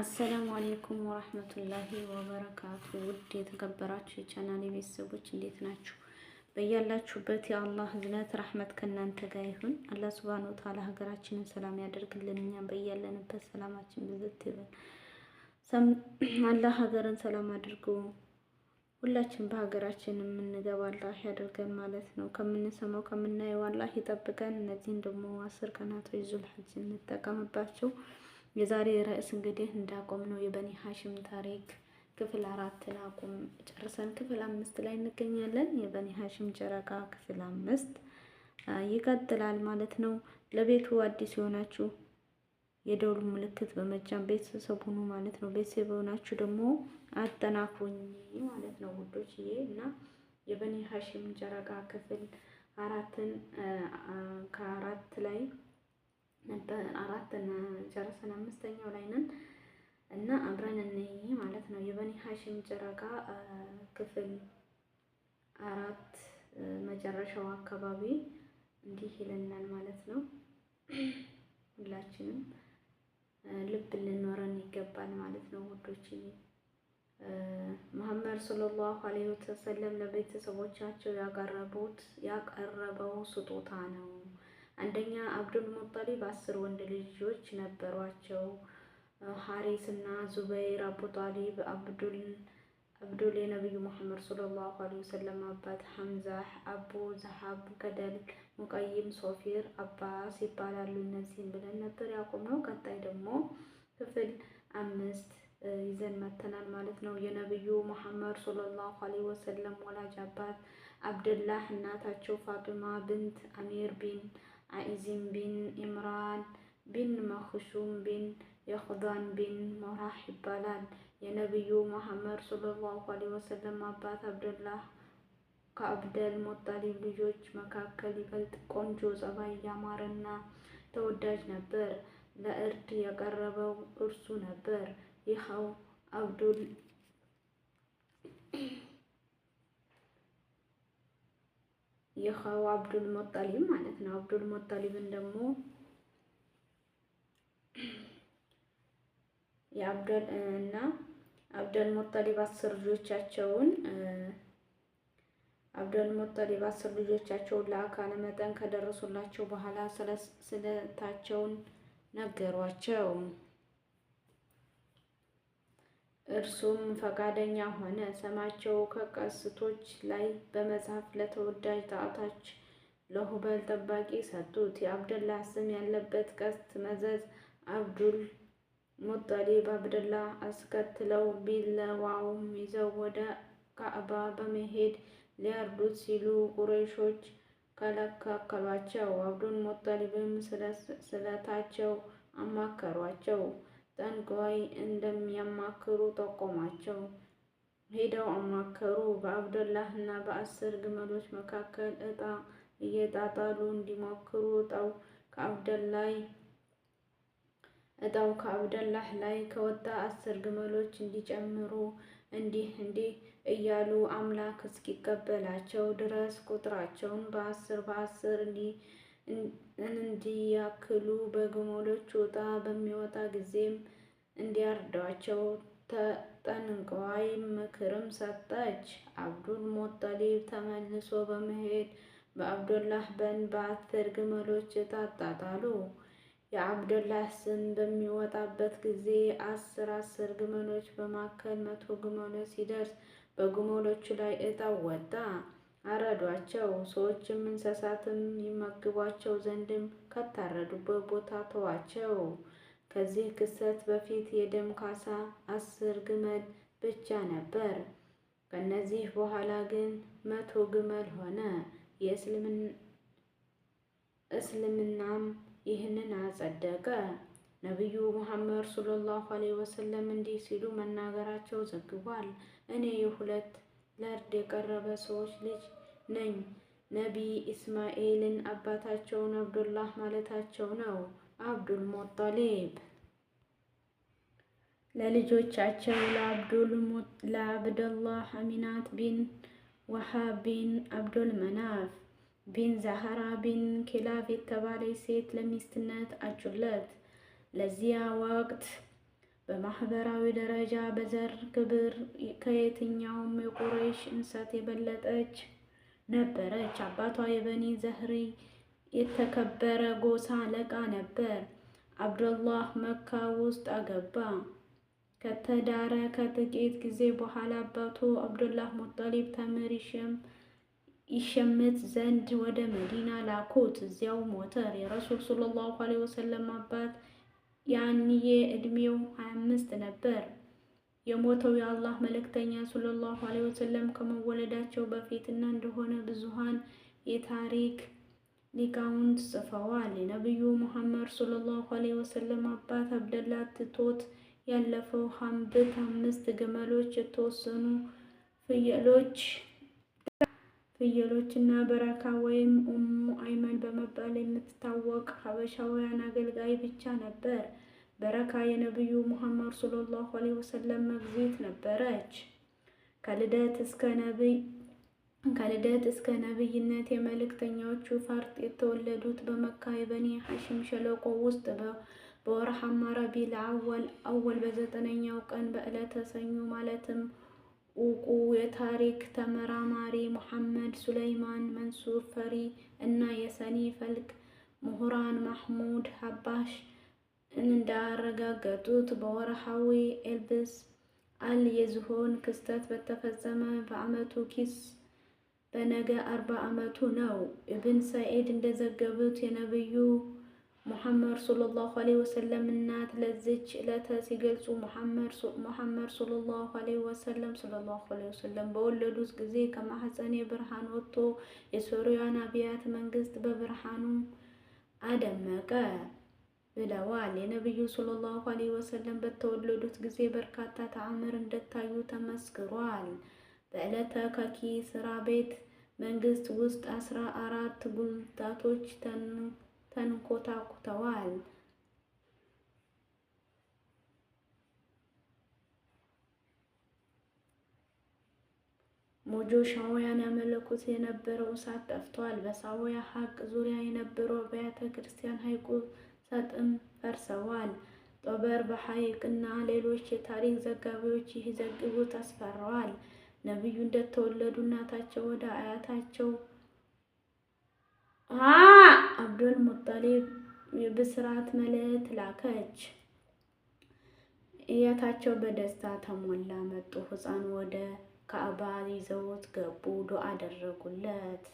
አሰላሙ አሌይኩም ወረህመቱላሂ ወበረካቱ። ውድ የተከበራችሁ የቻናል ቤተሰቦች እንዴት ናችሁ? በያላችሁበት የአላህ እዝነት ረህመት ከእናንተ ጋር ይሁን። አላህ ሱብሃነሁ ወተዓላ ሀገራችንን ሰላም ያደርግልን። እኛም በያለንበት ሰላማችን ብዝት ይበል። አላህ ሀገርን ሰላም አድርጎ ሁላችን በሀገራችን የምንገባ አላህ ያደርገን ማለት ነው። ከምንሰማው ከምናየው አላህ ይጠብቀን። እነዚህን ደግሞ አስር ቀናቶች ዙልሐጅ እንጠቀምባቸው። የዛሬ ርዕስ እንግዲህ እንዳቆም ነው የበኒ ሀሽም ታሪክ ክፍል አራትን አቁም ጨርሰን ክፍል አምስት ላይ እንገኛለን። የበኒ ሀሽም ጨረቃ ክፍል አምስት ይቀጥላል ማለት ነው። ለቤቱ አዲስ የሆናችሁ የደውል ምልክት በመጫን ቤተሰብ ሁኑ ማለት ነው። ቤተሰብ የሆናችሁ ደግሞ አጠናፉኝ ማለት ነው ውዶች። ይሄ እና የበኒ ሀሽም ጨረቃ ክፍል አራትን ከአራት ላይ አራት ጨርሰን አምስተኛው ላይ ነን እና አብረን እንይ ማለት ነው። የበኒ ሀሽም ጨረቃ ክፍል አራት መጨረሻው አካባቢ እንዲህ ይለናል ማለት ነው። ሁላችንም ልብ ልኖረን ይገባል ማለት ነው ውዶች። መሐመድ ሰለላሁ ዐለይሂ ወሰለም ለቤተሰቦቻቸው ያቀረቡት ያቀረበው ስጦታ ነው። አንደኛ አብዱል ሙጠሊብ አስር ወንድ ልጆች ነበሯቸው። ሐሪስ እና ዙበይር፣ አቡ ጣሊብ፣ አብዱል የነቢዩ መሐመድ ሰለላሁ ዐለይሂ ወሰለም አባት፣ ሐምዛህ፣ አቡ ዘሀብ፣ ከደል፣ ሙቀይም፣ ሶፊር፣ አባስ ይባላሉ። እነዚህም ብለን ነበር ያቆምነው። ቀጣይ ደግሞ ክፍል አምስት ይዘን መተናል ማለት ነው። የነቢዩ መሐመድ ሰለላሁ ዐለይሂ ወሰለም ወላጅ አባት አብደላህ፣ እናታቸው ፋጢማ ብንት አሚር ቢን عائزين بن إمران بن مخشوم بن يخضان بن مراحب بلال يا نبي محمد صلى الله عليه وسلم أبات عبد الله كعبد المطلب لجوج مكاكل يبلت قنجو زبايا مارنا توداج نبر لأرتي يقرب أرسو نبر يخو عبد የኸው አብዱል ሞጣሊብ ማለት ነው። አብዱል ሞጣሊብን ደግሞ የአብዱል እና አብዱል ሞጣሊብ አስር ልጆቻቸውን አብዱል ሞጣሊብ አስር ልጆቻቸውን ለአካለ መጠን ከደረሱላቸው በኋላ ስለታቸውን ነገሯቸው። እርሱም ፈቃደኛ ሆነ። ስማቸው ከቀስቶች ላይ በመጽሐፍ ለተወዳጅ ጣዖታች ለሁበል ጠባቂ ሰጡት። የአብደላ ስም ያለበት ቀስት መዘዝ አብዱል ሙጠሊብ አብደላ አስከትለው ቢላዋውም ይዘው ወደ ካዕባ በመሄድ ሊያርዱት ሲሉ ቁረይሾች ከለካከሏቸው። አብዱል ሙጠሊብም ስለታቸው አማከሯቸው። ጠንቋይ እንደሚያማክሩ ጠቆማቸው። ሄደው አማከሩ። በአብደላህ እና በአስር ግመሎች መካከል እጣ እየጣጣሉ እንዲሞክሩ እጣው ከአብደላይ እጣው ከአብደላህ ላይ ከወጣ አስር ግመሎች እንዲጨምሩ እንዲህ እንዲህ እያሉ አምላክ እስኪቀበላቸው ድረስ ቁጥራቸውን በአስር በአስር እንዲ እንዲያክሉ በግመሎች ውጣ በሚወጣ ጊዜም እንዲያርዷቸው ተጠንቀዋይ ምክርም ሰጠች። አብዱል ሞጠሊብ ተመልሶ በመሄድ በአብዶላህ በን በአስር ግመሎች ታጣጣሉ። የአብዶላህ ስም በሚወጣበት ጊዜ አስር አስር ግመሎች በማከል መቶ ግመሎች ሲደርስ በግመሎቹ ላይ እጣ ወጣ። አረዷቸው። ሰዎችም እንስሳትም ይመግቧቸው ዘንድም ከታረዱበት ቦታ ተዋቸው። ከዚህ ክስተት በፊት የደም ካሳ አስር ግመል ብቻ ነበር። ከነዚህ በኋላ ግን መቶ ግመል ሆነ። እስልምናም ይህንን አጸደቀ። ነቢዩ መሐመድ ሶለላሁ ዐለይሂ ወሰለም እንዲህ ሲሉ መናገራቸው ዘግቧል። እኔ የሁለት ለእርድ የቀረበ ሰዎች ልጅ ነኝ። ነቢይ ኢስማኤልን አባታቸውን አብዱላህ ማለታቸው ነው። አብዱል ሞጣሊብ ለልጆቻቸው ለአብደላህ አሚናት ቢን ወሃብ ቢን አብዱል መናፍ ቢን ዛህራ ቢን ኪላፍ የተባለች ሴት ለሚስትነት አጩለት። ለዚያ ወቅት በማህበራዊ ደረጃ በዘር ክብር ከየትኛውም የቁረይሽ እንሰት የበለጠች ነበረች። አባቷ የበኒ ዘህሪ የተከበረ ጎሳ አለቃ ነበር። አብደላህ መካ ውስጥ አገባ። ከተዳረ ከጥቂት ጊዜ በኋላ አባቱ አብዱላህ ሙጠሊብ ተምር ይሸምት ዘንድ ወደ መዲና ላኩት። እዚያው ሞተር! የረሱል ሰለላሁ ዐለይሂ ወሰለም አባት ያንዬ እድሜው 25 ነበር። የሞተው የአላህ መልእክተኛ ሰለላሁ ዐለይሂ ወሰለም ከመወለዳቸው በፊትና እንደሆነ ብዙሃን የታሪክ ሊቃውንት ጽፈዋል። የነቢዩ ሙሐመድ ሰለላሁ ዐለይሂ ወሰለም አባት አብደላ ትቶት ያለፈው ሀምብት አምስት ግመሎች፣ የተወሰኑ ፍየሎች ፍየሎችና በረካ ወይም ኡሙ አይመን በመባል የምትታወቅ ሀበሻውያን አገልጋይ ብቻ ነበር። በረካ የነቢዩ ሙሐመድ ሰለላሁ ዐለይሂ ወሰለም መግዚት ነበረች። ከልደት እስከ ነቢይ ከልደት እስከ ነቢይነት የመልእክተኛዎቹ ፈርጥ የተወለዱት በመካ የበኒ ሐሽም ሸለቆ ውስጥ በወርሃማ ረቢል አወል አወል በዘጠነኛው ቀን በዕለተ ሰኞ ማለትም ዕውቁ የታሪክ ተመራማሪ ሙሐመድ ሱለይማን መንሱር ፈሪ እና የሰኒ ፈልክ ምሁራን ማህሙድ አባሽ እንዳረጋገጡት በወርሃዊ ኤልብስ አል የዝሆን ክስተት በተፈጸመ በዓመቱ ኪስ በነገ አርባ ዓመቱ ነው። እብን ሰዒድ እንደዘገቡት የነቢዩ ሙሐመድ ሶለላሁ ዐለይሂ ወሰለም እናት ለዚች ዕለተ ሲገልጹ ሙሐመድ ሶለላሁ ዐለይሂ ወሰለም ሶለላሁ ዐለይሂ ወሰለም በወለዱት ጊዜ ከማህፀኔ ብርሃን ወጥቶ የሶርያን አብያት መንግስት በብርሃኑ አደመቀ። ብለዋል። የነቢዩ ሰለላሁ ዐለይሂ ወሰለም በተወለዱት ጊዜ በርካታ ተአምር እንደታዩ ተመስክሯል። በዕለተ ከኪ ስራ ቤት መንግስት ውስጥ አስራ አራት ጉልታቶች ተንኮታኩተዋል። ሞጆ ሻውያን ያመለኩት የነበረው እሳት ጠፍቷል። በሳውያ ሀቅ ዙሪያ የነበረው አብያተ ክርስቲያን ሀይቁ ሰጥም ፈርሰዋል። ጦበር በሐይቅ እና ሌሎች የታሪክ ዘጋቢዎች ይህ ዘግቡት አስፈረዋል። ነቢዩ እንደተወለዱ እናታቸው ወደ አያታቸው አብዱል ሙጠሊብ የብስራት መልእክት ላከች። እያታቸው በደስታ ተሞላ። መጡ ህፃኑ ወደ ካዕባ ይዘውት ገቡ። ዱዓ አደረጉለት።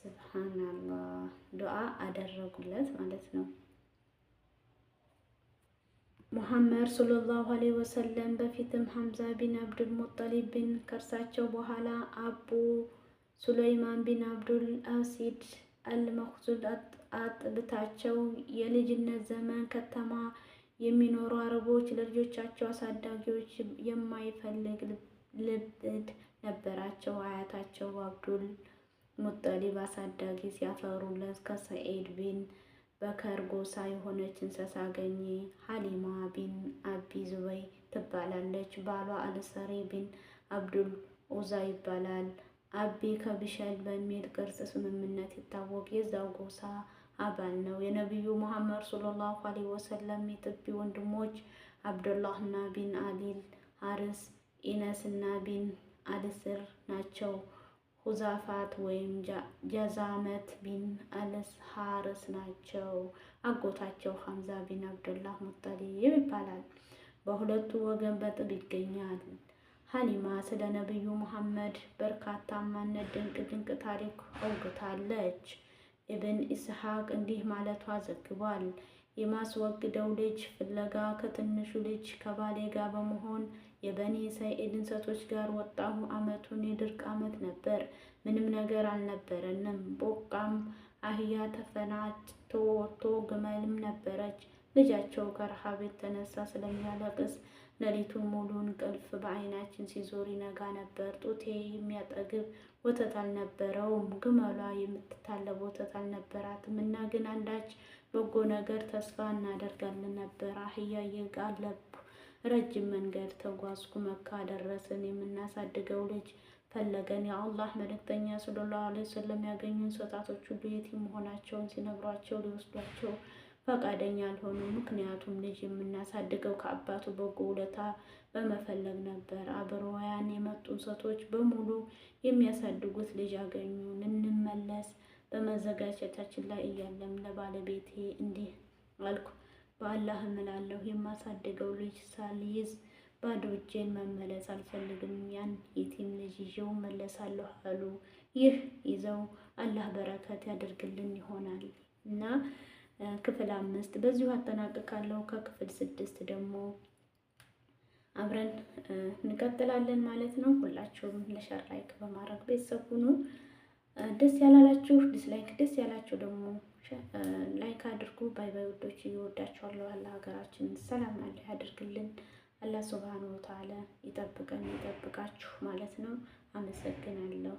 ስብሓናላህ ዱዓ አደረጉለት ማለት ነው። ሙሐመድ ሰለላሁ አለይሂ ወሰለም በፊትም ሐምዛ ቢን አብዱል ሙጠሊብ ቢን ከርሳቸው በኋላ አቡ ሱለይማን ቢን አብዱል አሲድ አልመክዙል አጥብታቸው የልጅነት ዘመን ከተማ የሚኖሩ አረቦች ለልጆቻቸው አሳዳጊዎች የማይፈልግ ልብድ ነበራቸው። አያታቸው አብዱል ሙጠሊብ አሳዳጊ ሲያፈሩለት ከሰዒድ ቢን በከር ጎሳ የሆነች እንስሳ አገኘ። ሀሊማ ቢን አቢ ዙበይ ትባላለች። ባሏ አልሰሪ ቢን አብዱል ኡዛ ይባላል። አቢ ከቢሸል በሚል ቅርጽ ስምምነት ይታወቅ የዛው ጎሳ አባል ነው። የነቢዩ መሐመድ ሰለላሁ ዐለይሂ ወሰለም የጥቢ ወንድሞች አብዱላህና ቢን አሊል ሀርስ፣ ኢነስና ቢን አልስር ናቸው። ሁዛፋት ወይም ጃዛመት ቢን አለስ ሐረስ ናቸው። አጎታቸው ሐምዛ ቢን አብዱላህ ሙጠሊብ ይባላል። በሁለቱ ወገን በጥብ ይገኛል። ሀሊማ ስለ ነቢዩ መሐመድ በርካታ ማነት ድንቅ ድንቅ ታሪክ አውግታለች። ኢብን ኢስሐቅ እንዲህ ማለቷ ዘግቧል። የማስወግደው ልጅ ፍለጋ ከትንሹ ልጅ ከባሌ ጋር በመሆን የበኒ እስራኤል እንሰቶች ጋር ወጣሁ። አመቱን የድርቅ ዓመት ነበር። ምንም ነገር አልነበረንም። ቦቃም አህያ ተፈናጭቶ ወጥቶ ግመልም ነበረች። ልጃቸው ከረሃብ የተነሳ ስለሚያለቅስ ሌሊቱን ሙሉ እንቅልፍ በአይናችን ሲዞር ይነጋ ነበር። ጡቴ የሚያጠግብ ወተት አልነበረውም። ግመሏ የምትታለብ ወተት አልነበራትም እና ግን አንዳች በጎ ነገር ተስፋ እናደርጋለን ነበር። አህያ እየጋለብኩ ረጅም መንገድ ተጓዝኩ። መካ ደረስን። የምናሳድገው ልጅ ፈለገን። የአላህ መልእክተኛ ሰለላሁ ዐለይሂ ወሰለም ያገኙን ሰጣቶች ሁሉ የቲም መሆናቸውን ሲነግሯቸው ሊወስዷቸው ፈቃደኛ አልሆኑም። ምክንያቱም ልጅ የምናሳድገው ከአባቱ በጎ ውለታ በመፈለግ ነበር። አብረውያን የመጡ ሰቶች በሙሉ የሚያሳድጉት ልጅ አገኙ። ልንመለስ በመዘጋጀታችን ላይ እያለም ለባለቤቴ እንዲህ አልኩ፣ በአላህ እምላለሁ የማሳድገው ልጅ ሳልይዝ ባዶ እጄን መመለስ አልፈልግም። ያን የቲም ልጅ ይዤው መለሳለሁ አሉ። ይህ ይዘው አላህ በረከት ያደርግልን ይሆናል እና ክፍል አምስት በዚሁ አጠናቅቃለሁ። ከክፍል ስድስት ደግሞ አብረን እንቀጥላለን ማለት ነው። ሁላችሁም ለሸር ላይክ በማድረግ ቤተሰብ ሁኑ። ደስ ያላላችሁ ዲስላይክ፣ ደስ ያላችሁ ደግሞ ላይክ አድርጉ። ባይ ባይ ውዶች፣ እየወዳችኋለሁ። አላህ ሀገራችን ሰላም አለ ያድርግልን። አላ ሱብሃነሁ ወተዓላ ይጠብቀን፣ ይጠብቃችሁ ማለት ነው። አመሰግናለሁ።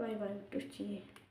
bye bye to